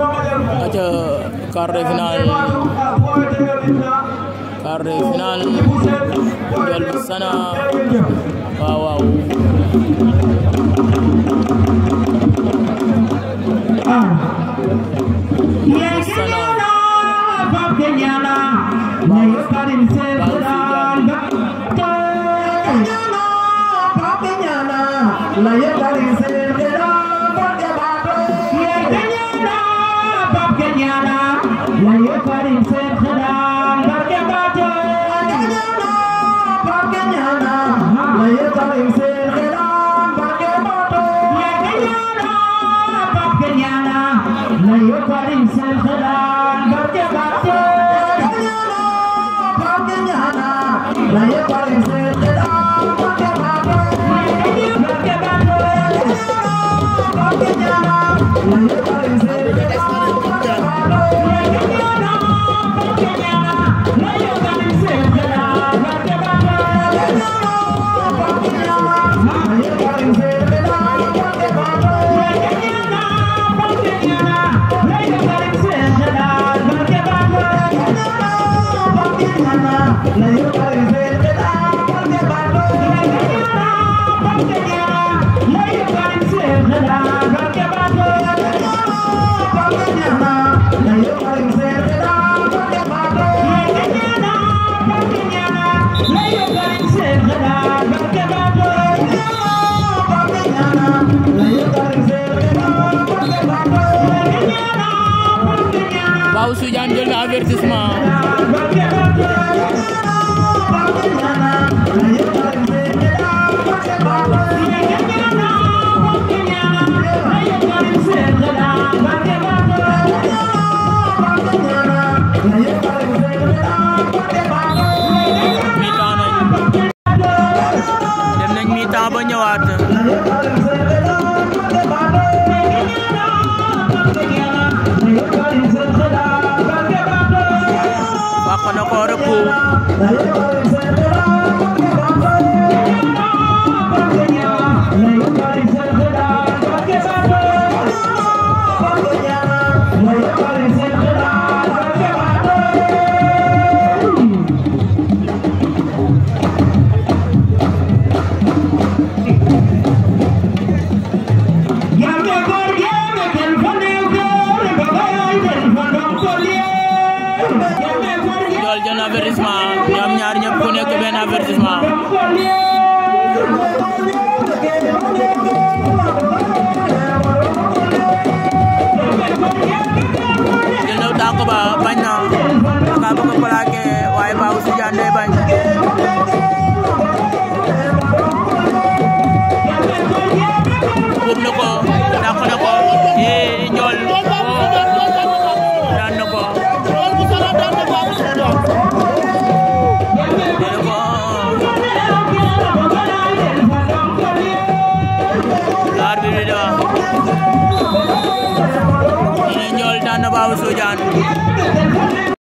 aca quart de finale quart de finale Ndiol Sana waaw waaw Sana Bau sujan jena avertisma. 来！benn avertissement ñoom ñaar ñëpp ku nekk benn avertissement jël na tànk ba Birima Njool daan na Babou Soudiane